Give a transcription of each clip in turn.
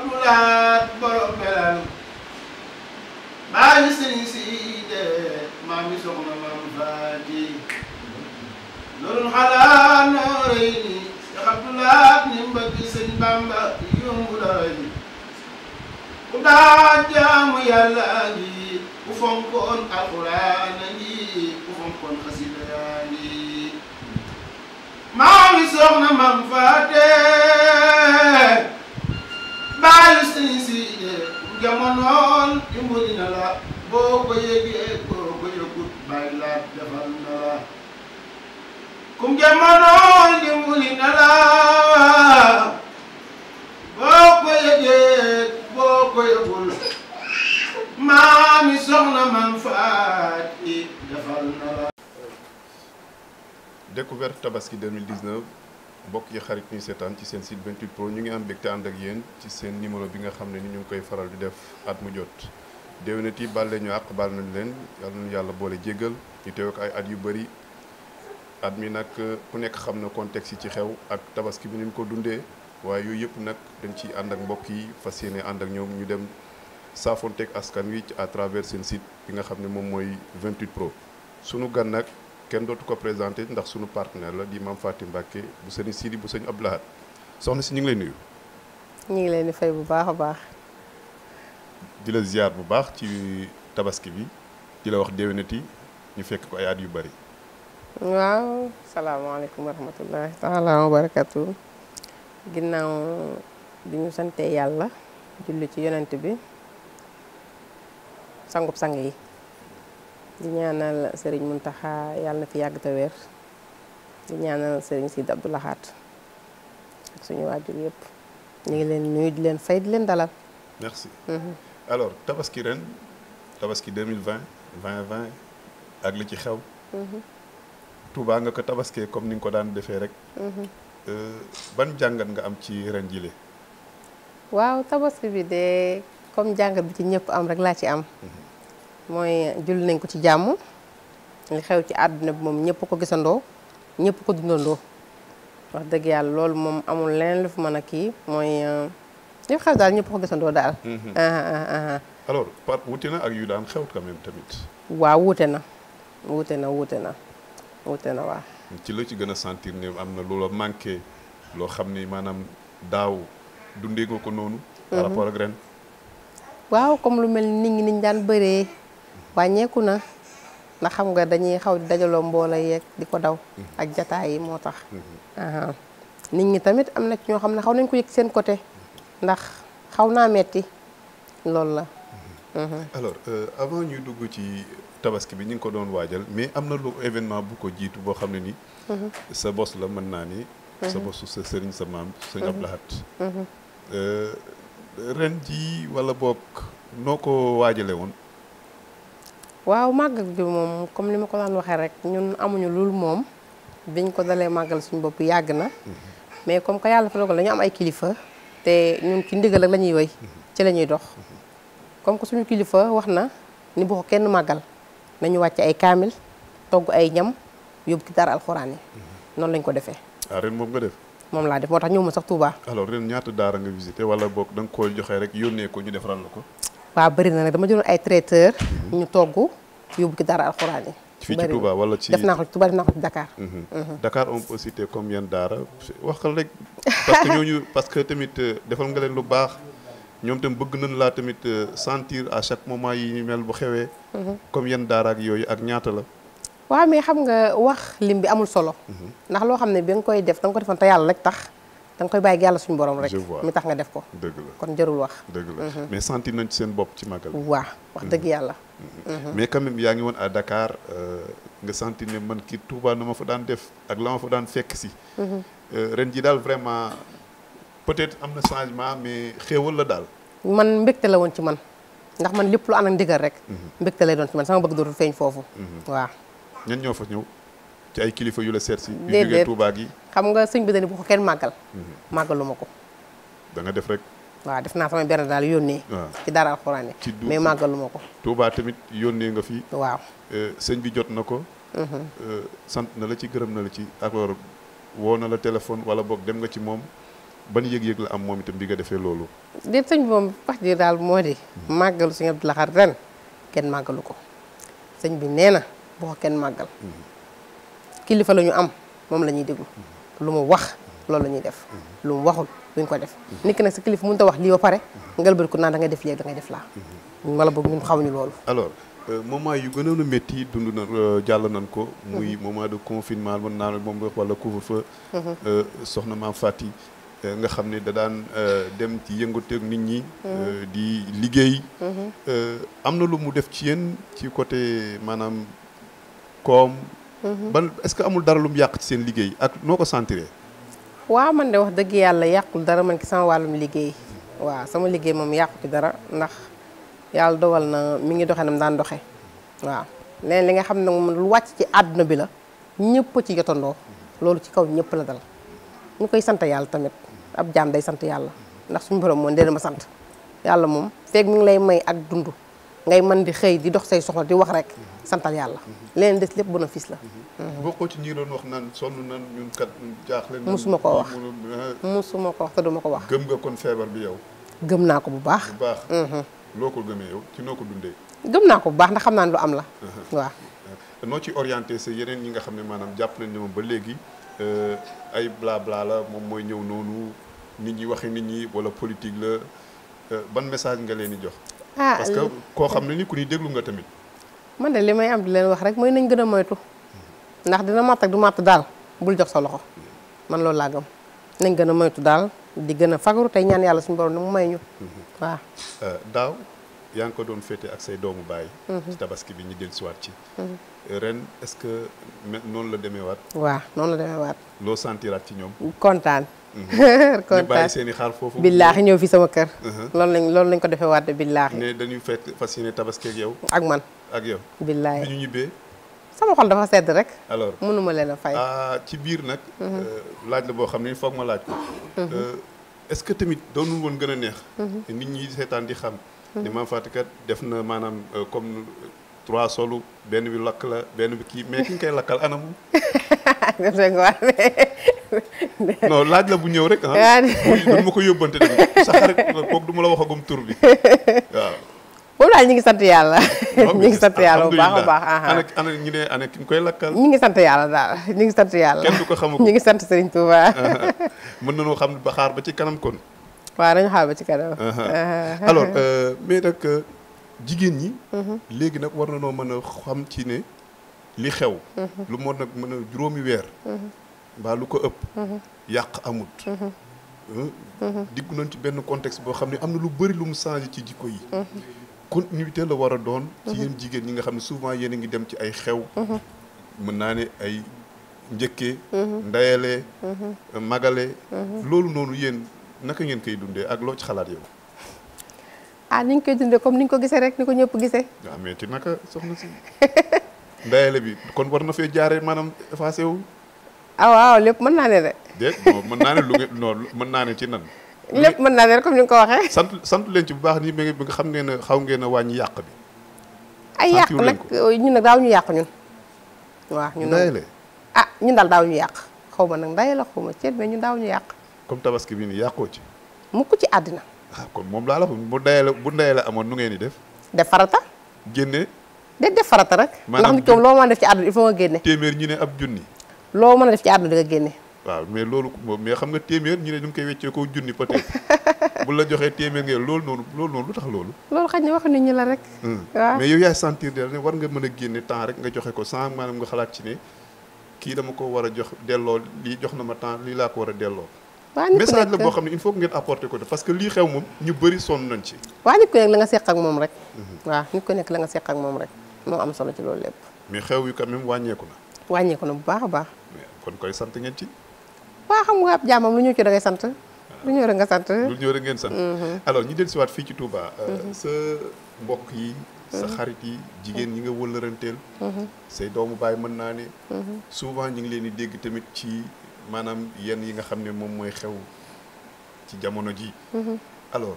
abdulaat borom melal maa ngi sëriñ si de maa ngi soxna maam faati loolu xalaat noo rëy ni Cheikh Abdoulaat ni mbëgg sëñ Bamba yomb la ji ku daa jaamu yàlla ngi ku fonkoon alxuraan ngi ku fonkoon xasida ngi maa ngi soxna maam faati baayu sëñ si jamonoon la boo ko yëgee boo ko yëgut bàyyi la defal na la kum jamonoon dimbali na la boo ko yëgee boo ko yëgul maami soxna man faat yi defal na la découverte tabaski mbokk yi xarit ñuy seetaan ci seen site 28 pro ñu ngi am mbégte ànd ak yéen ci seen numéro bi nga xam ne ni ñu ngi koy faral di def at mu jot déwénet yi baal ñu àq baal nañ leen yal nañu yàlla boole jéggal ñu teew ay at yu bëri at mi nag euh, ku nekk xam na contexte yi ci xew ak tabaski bi ñu ko dundee waaye yooyu yëpp nag dañ ciy ànd ak mbokk yi fas yéene ànd ak ñoom ñu dem saafonteeg askan wi à travers seen site bi nga xam ne moom mooy 28 pro sunu gan nag kenn dootu ko présenté ndax suñu partenaire la di Mame Faty Mbacké bu sëñ Sidi bu sëñ Abdou Lahad soxna si ñu ngi lay nuyu. ñu ngi leen di fay bu baax a baax. di la ziar bu baax ci tabaski bi di la wax déwénati ñu fekk ko ay at yu bari. waaw salaamaaleykum wa rahmatullahi taala wa barakatu ginnaaw bi ñu sante yàlla julli ci yonent bi sangub sang yi. di ñaanal Serigne Mountakha yàlla na fi yàgg te wér di ñaanal Serigne Sidi Abdou Lahad suñu waajur yëpp ñu ngi leen nuyu di leen fay di leen dalal. merci mhm. tabaski ren tabaski 2020 2020 ak li ci xew. Mhm. Touba nga ko tabaskee comme ni nga ko daan defee rek. Mhm. Euh, ban jàngat nga am ci ren jile. waaw tabaski bi de comme jàngat bi ci ñëpp am rek laa ci am. mooy julli nañ ko ci jàmm li xew ci àdduna bi moom ñëpp ko gisandoo ñëpp ko dundandoo wax dëgg yàlla loolu moom amul leen lu fi mën a kii mooy euh, li xew daal ñëpp ko gisandoo daal. Mhm. Ah, ah, ah, alors par wuute na ak yu daan xew quand même tamit. waaw wuute na wuute na wuute na wuute na waaw. ci la ci gën a sentir ne am na loola manqué loo xam ni maanaam daaw dundee ko ko noonu. Mhm. waaw comme lu mel ni nit ñi daan bëree. wàññeeku na ndax xam nga dañuy xaw di dajaloo mboola yeeg di ko daw ak jataay yi moo tax nit ñi tamit am na ci ñoo xam ne xaw nañ ko yëg seen côté ndax xaw naa metti loolu la alors euh, avant ñuy dugg ci tabaski bi ñu ngi ko doon waajal mais am na lu événement bu ko jiitu boo xam ne ni sa bos la mën naa ni sa bosu sa sëriñ sa maam sëñ Abdou Lahat euh, ren ji wala boog noo ko waajale woon waaw màgg bi moom comme li ma ko daan waxee rek ñun amuñu lul moom biñ ko dalee màggal suñu bopp yàgg na mais comme que yàlla fa dogal dañu am ay kilifa te ñun ci ndigal ak la ñuy woy ci lañuy dox comme que suñu kilifa wax na ni bu ko kenn màggal nañu wàcc ay kaamil togg ay ñam yóbbu ki daara alxuraan yi noonu lañ ko defee. ah ren moom nga def. moom laa def moo tax ñëw ma sax Touba. alors ren ñaata daara nga visité wala boog da nga koy joxe rek yónnee ko ñu defaral la ko. waaw bari na nag dama jëloon ay traiteur ñu togg yóbbu ci daara alxuraan yi. wala ci def naa ko Touba def naa ko ci Dakar. Mhm. Mhm. Dakar on daara wax rek. parce que ñooñu parce que tamit euh, defal nga leen lu baax ñoom tam bëgg nañ laa tamit euh, sentir à chaque moment yi ñu mel bu xewee. Mhm. combien daara ak yooyu ak ñaata la. waaw mais xam nga wax lim bi amul solo. ndax loo xam ne bi nga koy def da nga ko defoon te yàlla rek tax. dañ koy bàyyi yàlla suñu borom rek mi tax nga def ko dëgg la kon jarul wax dëgg la mhm. mais sentir seen bopp ci màggal waaw wax dëgg mhm. yàlla mhm. mais quand même yaa ngi woon à dakaar euh, nga santi ne man kii tuubaa na ma fa daan def ak la ma fa daan fekk si euh, ren ji daal vraiment peut-être am na changement mais xéewal la daal man mbégte la woon ci man ndax man lépp lu ànd ak ndigal rek mbégte lay doon ci man sama bëgg dootul feeñ foofu waaw ñan ñoo fa ñëw ci ay kilifa yu la seet si. yu jógee Touba gi xam nga sëñ bi dañu bu ko kenn màggal. Mhm. màggalu ma ko. da nga def rek. waa def naa sama benn daal yónnee. Ah. ci dara alxuraan yi mais màggalu ma ko. Touba tamit yónnee nga fi. waaw euh, sëñ bi jot na ko. Mhm. Euh, sant na la ci gërëm na ci alors woo na la téléphone wala boog dem nga ci moom ba ban yëg-yëg la am moom itam bi nga defee loolu. déet sëñ bi moom wax ji daal moo di. Mhm. màggalu sëñ Abdou Lahad ren kenn màggalu ko sëñ bi nee na boo kenn màggal. kilifa la ñu am moom la ñuy déglu lu mu wax loolu la ñuy def lu mu waxul duñ ko def nit ki nag sa kilifa mënut a wax lii ba pare ngal bëri ko naan da ngay def léegi da def laa wala boog ñun xamuñu loolu alors euh, moment dund euh, jàll nañ ko muy mhm. moment de confinement mën naa moom wax wala couvre-feu mhm. euh, soxna maam Faty nga xam ne da daan dem ci yëngateeg nit ñi mhm. di liggéey am na lu mu def ci yéen ci côté maanaam koom Mhm. ban est-ce que amul dara lu mu yàq ci seen liggéey ak noo ko sentiree. waaw man de wax dëgg yàlla yàqul dara man ci sama wàllum liggéey waaw sama liggéey moom yàqu ci dara ndax yàlla dogal na mi ngi doxe na nam daan doxe waaw leneen li nga xam ne moom lu wàcc ci àdduna bi la ñëpp ci jotandoo loolu ci kaw ñëpp la dal mu koy sant yàlla tamit ab jaam day sant yàlla ndax suñu borom moom de ma sant yàlla moom feeg mi ngi lay may ak dund ngay man di xëy di dox say soxla di wax rek santal yàlla leen des lépp bénéfice la. Mm-hmm. boo ko ci ñi doon wax naan sonn nan ñun kat jaaxle. musuma ko wax eh. musuma ko wax te duma ko wax. gëm nga kon feebar bi yow. gëm naa ko bu baax. bu baax mm-hmm. loo ko gëmee yow ci noo ko dundee. gëm naa ko bu baax ndax xam naa ni lu am la. Mm-hmm. waaw. Eh, noo ci orienté sa yeneen ñi nga xam ne maanaam jàpp nañ ne moom ba léegi eh, ay blabla la moom mooy ñëw noonu nit ñi waxi nit ñi wala politique la ban message nga leen di jox. ah parce que koo xam ne ni ku ñuy déglu nga tamit. man de li may am di leen wax rek mooy nañ gën a moytu ndax dina màtt ak du màtt daal bul jox sa loxo man loolu laa gëm gën a moytu daal di gën a fagaru tey ñaan yàlla suñu borom mu may ñu. waaw. Euh, daaw yaa ngi ko doon féete ak say doomu baay. Mhm. ci tabaski bi ñu dellusiwaat ci. Mhm. Euh, ren est-ce que noonu la demee waat. waaw noonu la demee waat. loo sentiraat ci ñoom. kontaan. Mm-hmm. kontaan ñu bàyyi seen i xar foofu. billaahi ñëw fi sama kër. Mm-hmm. loolu lañ loolu lañ ko defee waat billaahi. ne dañuy fekk fas yéene tabaski ak yow. ak man ak yow. billaahi bi ñu ñibbee. sama xol dafa sedd rek. alors mënuma leen a fay. Ah, ci biir nag. Mm-hmm. Euh, laaj la boo xam ne foog ma laaj ko. Euh, est-ce que tamit doonul woon gën a neex. nit ñi seetaan di xam. ne Mame Faty kat def na maanaam euh, comme trois solu benn bi lakk la benn bi kii mais ki ñu koy lakkal anamu. def nga non laaj la bu ñëw rek ah. du ma ko yóbbante de sa xarit kooku du ma la waxagum tur bi waaw. moom daal ñu ngi sant yàlla. ñu ngi sant yàlla baax a baax. ana ana ñu ne ki ñu koy ngi sant yàlla daal ñu ngi sant yàlla. kenn du ko xamagum ñu ngi sant Serigne Touba. mën na nañoo xam ba xaar ba ci kanam kon. waaw dañu xaar ba ci kanam. alors euh, mais nag euh, jigéen ñi. Mhm. léegi nag war na noo mën a xam ci ne li xew. Mhm. lu moo nag mën a juróomi weer. Mhm. mbaa lu ko ëpp mhm. yàq amut mhm. Mhm. diggu nañ ci benn context boo xam ne am na lu bëri lu mu changé ci jikko yi continuité la war a doon ci yéen jigéen ñi nga xam ne souvent yéen a ngi dem ci ay xew mën naa ne ay njëkkee ndayalee magale loolu noonu yéen naka ngeen koy dundee ak loo ci xalaat yow ah ni ñu dundee comme ni ko gisee rek ni ko ñëpp gisee waaw ah, metti naka soxna si ndayale bi kon war na fee jaaree maanaam effacé wu ah lépp mën naa ne de. déet mën naa ne lu ngeen mën naa ne ci nan. lépp mën naa ne rek comme ni nga ko waxee. sant sant leen ci bu baax nii bi nga xam ngeen xaw ngeen a wàññi yàq bi. ay yàq nag euh, ñun nag daaw ñu yàq ñun. waaw ñun nag ah ñun daal daaw ñu yàq xaw ma nag ndaye la xaw ma ceeb mais ñun daaw ñu yàq. comme tabaski bi nii yàqoo ci. mukk ci àddina. ah kon moom laa la bu ndayee la bu ndayee la amoon nu ngeen di def. def farata. génne. déet def farata rek. maanaam ndax nit koom loo mën def ci àdduna il faut nga génne. téeméer ñu ne ab junni loo mën a def ci àdduna da nga génne waaw mais loolu mais xam nga téeméer ñu ne ñu ngi koy weccee ko junni peut-être bu la joxee téeméer ngeen loolu noonu loolu noonu lu tax loolu loolu xañ wax nit ñi la rek hmm. waaw war nga mën a génne temps rek nga joxe ko sans maanaam nga xalaat ci kii dama ko war a jox delloo lii jox na ma temps lii laa ko war a delloo message la boo xam ne il faut ngeen apporter ko parce que lii xew moom ñu bëri sonn nañ ci waaw nit ko nekk la nga seq ak moom rek hmm. waaw nit ko la nga seq ak moom rek moo am solo ci loolu lépp mais xew yu quand même wàññeeku na wàññeeku na bu baax a baax kon koy sant ngeen ci. waa xam nga ab jaamam lu ñëw ci ngay sant. Ah. lu ñëw rek nga sant. lu ñëw rek ngeen sant. Mhm. alors ñu dellusiwaat fii ci Touba. Euh, mhm. sa mbokk yi. sa mhm. xarit yi jigéen ñi nga wëllëranteel. say doomu baay mën naa ni souvent ñu ngi leen di dégg tamit ci maanaam yenn yi nga xam ne moom mooy xew ci jamono ji. alors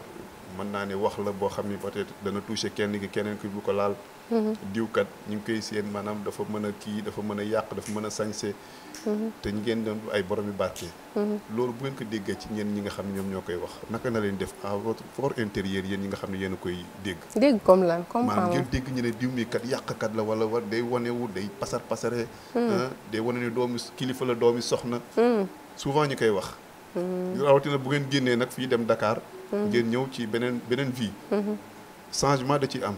mën naa ne wax la boo xam ne peut-être dana touché kenn ki keneen ki bu ko laal. Mm-hmm. diwkat ñu ngi koy seen maanaam dafa mën a kii dafa mën a yàq dafa mën a sañse mm-hmm. te ñu ngeen doon ay borom yu barke mm-hmm. loolu bu ngeen ko déggee ci ñeen ñi nga xam ne ñoom ñoo koy wax naka na leen def à votre fort intérieur yéen ñi nga xam ne yéen a koy dégg dégg comme lan comme maanaam ngeen dégg ñu ne diw mi kat yàqkat la wala war day wanewu day pasar pasare mm. ah, day wane ne doomi kilifa la doomi soxna mm. souvent ñu koy wax mm. rawatina bu ngeen génnee nag fii dem ndakaar ngeen ñëw ci beneen beneen vie changement da ci am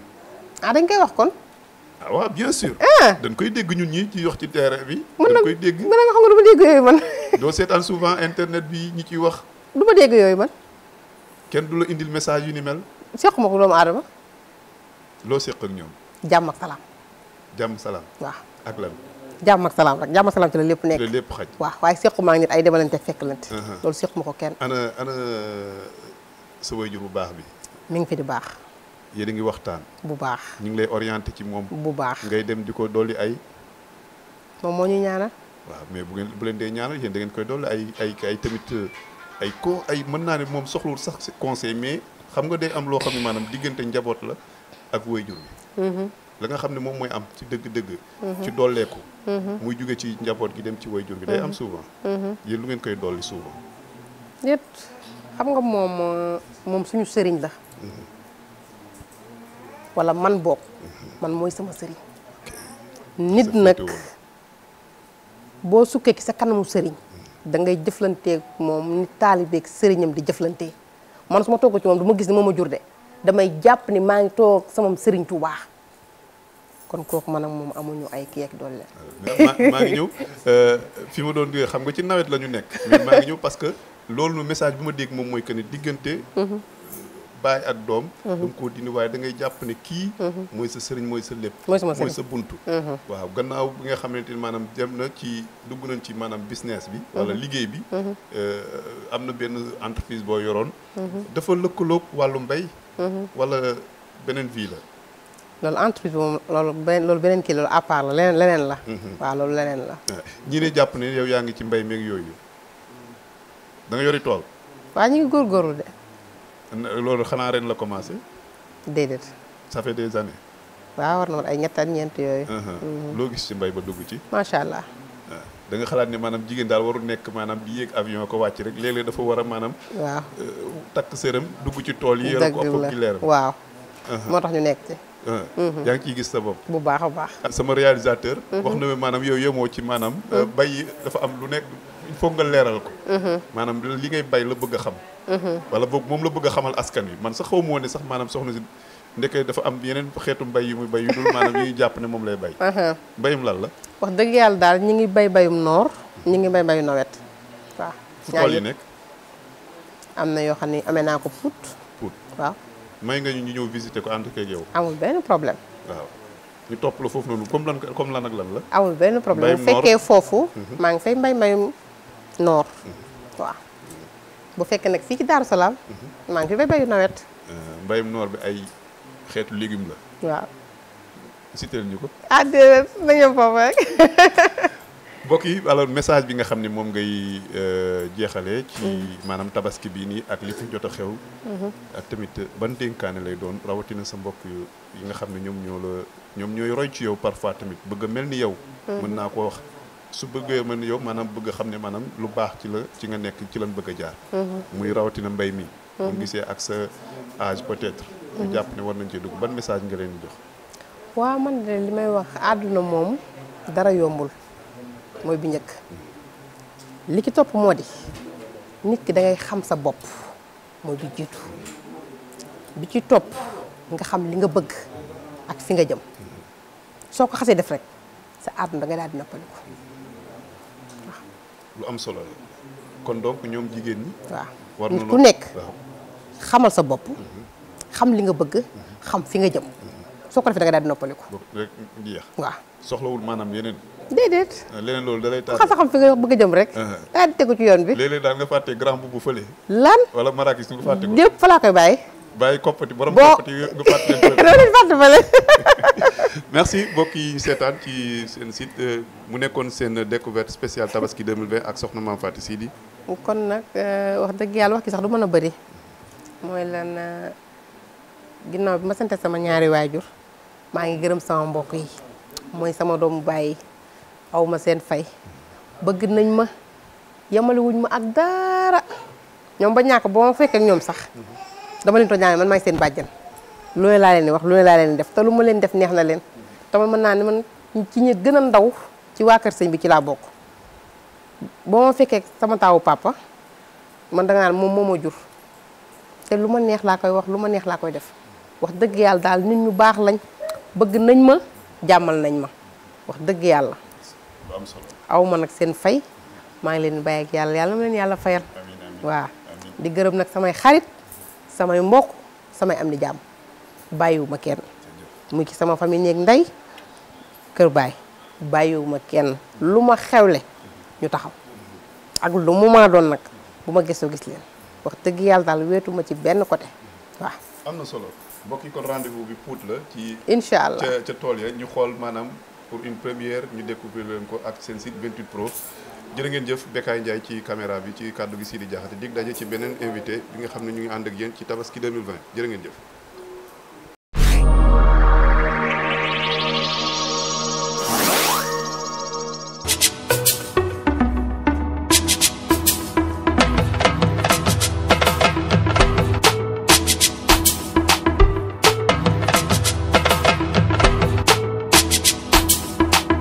ah dañ koy wax kon. ah waaw bien sûr. Eh. dañ koy dégg ñun ñi ci wax ci terrain bi. dañ koy dégg mën na nga xam dégg yooyu man. souvent internet bi ñi ciy wax. du ma kenn du la indil message yu ni mel. seq ma ko doomu aadama. loo seq ak ñoom. jàmm ak salaam. jàmm salaam. waaw ak lan. jàmm ak salaam rek jàmm ak salaam ci la lépp nekk. la lépp xaj waaw waaye sequma ak nit ay demalante fekkalante. Uh-huh. loolu sequma ko kenn. ana ana sa bu baax bi. mi ngi fi di baax. yéen a ngi waxtaan. bu baax ñu ngi lay orienté ci moom. bu baax ngay dem di ko dolli ay. moom moo ñu ñaanal. waaw mais bu ngeen bu leen dee ñaanal yéen da ngeen koy dolli ay ay ay tamit euh, ay ko ay mën naa ne moom soxlawul sax conseil mais xam nga day am loo xam ne maanaam diggante njaboot la ak waajur bi. Mm-hmm. xam ne moom mooy am ci dëgg-dëgg. Mm-hmm. ci dolleeku. Mm-hmm. muy jóge ci njaboot gi dem ci way waajur bi day am souvent. yéen lu ngeen koy dolli souvent. xam nga moom euh, moom suñu sëriñ la. wala man bokk man mooy sama sëriñ nit nag boo sukkee ki sa kanamu sëriñ dangay ngay jëflanteeg moom ni taalibeeg sëriñam di jëflante man su ma toog ci moom du ma gis ni ma a jur de damay jàpp ni maa ngi toog sama sëriñ Tuubaa kon kooku man ak moom amuñu ay kii ak doole. maa ngi ñëw euh, fi ma doon xam nga ci nawet la ñu nekk. maa ngi ñëw parce que loolu message bu ma dégg moom mooy que diggante. Mhm. baay ak doom mhm. danga koo dindi waaye da ngay jàpp ne kii mhm. mooy sa sëriñ mooy sa lépp mooy sa bunt mhm. waaw gannaaw bi nga xamante ni maanaam dem na ci dugg nañ ci maanaam business bi wala liggéey bi euh, am na benn entreprise boo yoroon dafa lëkkaloog wàllu mbay wala beneen vie la loolu entreprise bi moom loolu beneen beneen kii loolu à la leneen leneen la waaw loolu leneen la ñi ne jàpp ne yow yaa ngi ci mbay meeg yooyu da yori tool waaw ñu ngi góorgóorlu de loolu xanaa ren la commencé. déedéet. ça fait des années. waaw war na man ay ñett ñeent yooyu. Mhm. loo gis ci mbay ba dugg ci. macha allah. Ah. da nga xalaat ne maanaam jigéen daal warul nekk maanaam di yéeg avion ko wàcc rek léeg-léeg dafa war a maanaam. Eh, takk sëram dugg ci tool yi. dëgg ko yore ko waaw. moo tax ñu nekk ci. Ah. Mhm. yaa ngi ciy gis sa bopp. bu baax a baax. Ah, sama réalisateur. Mhm. wax na maanaam yow yemoo ci maanaam. Eh, bay dafa am lu nekk. il faut nga leeral ko. Mhm. maanaam li ngay bay la bëgg a xam. Mhm. wala boog moom la bëgg a xamal askan wi man sax xaw ma woon ne sax maanaam soxna si ndeke dafa am yeneen xeetu mbay yu muy bay yu dul maanaam yuy jàpp ne moom lay bay. Mhm. mbayum lan la. wax dëgg yàlla daal ñi ngi bay bayum noor ñi ngi bay bayu nawet waaw. fu yi nekk. am na yoo xam ne amee naa ko Pout. Pout waaw. nga ñu ñu ñëw visiter ko ànd ak yow. amul benn problème. waaw ñu topp la foofu noonu comme lan comme lan ak lan la. amul benn problème bu fekkee foofu. maa ngi fay mbay mbayum noor bu fekkee nag fii ci Daaru Salaam mhm. maa ngi bay bayu nawet euh, mbayum noor bi ay xeetu légume la waaw citeel ñu ko ah déedéet yi alors message bi nga xam ne moom ngay euh, jeexalee ci mm. maanaam tabaski bii nii ak li fi jot a xew mm-hmm. ak tamit ban dénkaane lay doon rawatina sa mbokk yi nga xam ne ñoom ñoo la ñoom ñooy roy ci yow parfois tamit bëgg a mel ni yow mm-hmm. mën naa ko wax su bëggee mën yow maanaam bëgg xam ne maanaam lu baax ci la ci nga nekk ci lan bëgg a jaar mhm. muy rawatina mbay mi bu mhm. gisee ak sa âge peut-être mhm. jàpp ne war nañ cee dugg ban message nga leen di jox waaw man de li may wax àdduna moom dara yombul mooy bi njëkk li ki topp moo di nit ki da ngay xam sa bopp mooy bi jiitu bi ci topp nga xam li nga bëgg ak si nga jëm soo ko xasee def rek sa àdduna da ngay daal di noppaliku lu am solo la kon donc ñoom jigéen war waaw nit ku nekk xamal sa bopp. Mhm. xam li nga bëgg. Mhm. xam fi nga jëm. Mhm. soo ko defee da nga daal di noppaliku. rek jeex. waaw soxlawul maanaam yeneen. déedéet. Ah, leneen loolu da lay taal xam-xam fi nga bëgg a jëm rek. Ah. daal di tegu ci yoon bi. léeg-léeg daal nga fàtte grand boubou fële. lan wala marakis nga fàtte ko. lépp fa laa koy bàyyi. bàyyi koppati borom koppati nga fàttali leen merci mbokk yi seetaan ci seen site euh, mu nekkoon seen découverte spécial tabaski 2020 ak soxna Mame Faty Sidi kon nag euh, wax dëgg yàlla wax ki sax du mën a bëri mooy leen euh, ginnaaw bi ma sante sama ñaari waajur maa ngi gërëm sama mbokk yi mooy sama doomu bàyyi aw ma seen fay bëgg nañ ma yamaliwuñ ma ak dara ñoom ba ñàkk boo ma fekk ak ñoom sax mm-hmm. dama leen ko ñaanal man maay seen bàjjan lu ne laa leen wax lu ne laa leen def te lu ma leen def neex na leen te man mën naa ne man ci ñi gën a ndaw ci waakar kër sëñ bi ci laa bokk boo ma fekkee sama taawu pàppa man da naan moom moo ma jur te lu ma neex laa koy wax lu ma neex laa koy def wax dëgg yàlla daal nit ñu baax lañ bëgg nañ ma jàmmal nañ ma wax dëgg yàlla aw ma nag seen fay maa ngi leen bàyyi ak yàlla yàlla ma leen yàlla fayal waaw di nag samay xarit samay mbokk samay am ni jàmm bàyyiwuma kenn mu ci sama famille ñeeg ndey kër baay bàyyiwuma kenn lu ma xewle ñu taxaw ak lu mu maa doon nag bu ma gisoo gis leen wax dëgg yàlla daal weetuma ci benn côté waaw. am na solo mbokk yi kon rendez-vous bi Pout la ci. incha allah ca tool ya ñu xool maanaam pour une première ñu découvrir leen ko ak seen site jërë ngeen jëf Bekkaay Ndiaye ci caméra bi ci kàddu gi Sidi Diakhaté dig daje ci beneen invité bi nga xam ne ñu ngi ànd ak yéen ci tabaski 2020 jërë ngeen jëf